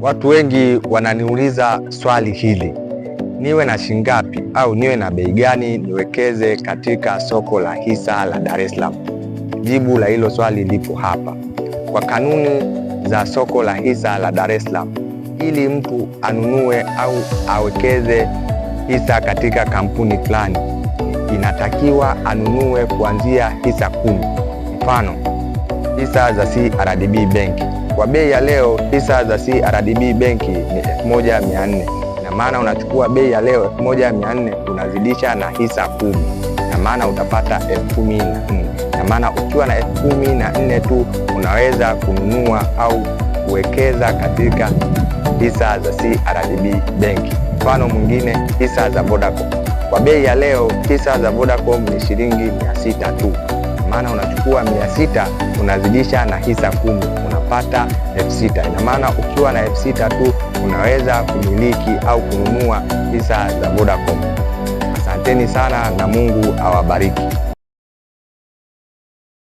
Watu wengi wananiuliza swali hili, niwe na shilingi ngapi au niwe na bei gani niwekeze katika soko la hisa la Dar es Salaam? Jibu la hilo swali lipo hapa. Kwa kanuni za soko la hisa la Dar es Salaam, ili mtu anunue au awekeze hisa katika kampuni fulani, inatakiwa anunue kuanzia hisa kumi. Mfano hisa za CRDB Bank. Kwa bei ya leo, hisa za CRDB Bank ni 1400. Na maana unachukua bei ya leo 1400 unazidisha na hisa kumi, na maana utapata 10000. Na maana ukiwa na 10000 tu unaweza kununua au kuwekeza katika hisa za CRDB Bank. Mfano mwingine, hisa za Vodacom. Kwa bei ya leo, hisa za Vodacom ni shilingi 600 tu maana unachukua mia sita unazidisha na hisa kumi unapata elfu sita Ina maana ukiwa na elfu sita tu unaweza kumiliki au kununua hisa za Vodacom. Asanteni sana na Mungu awabariki.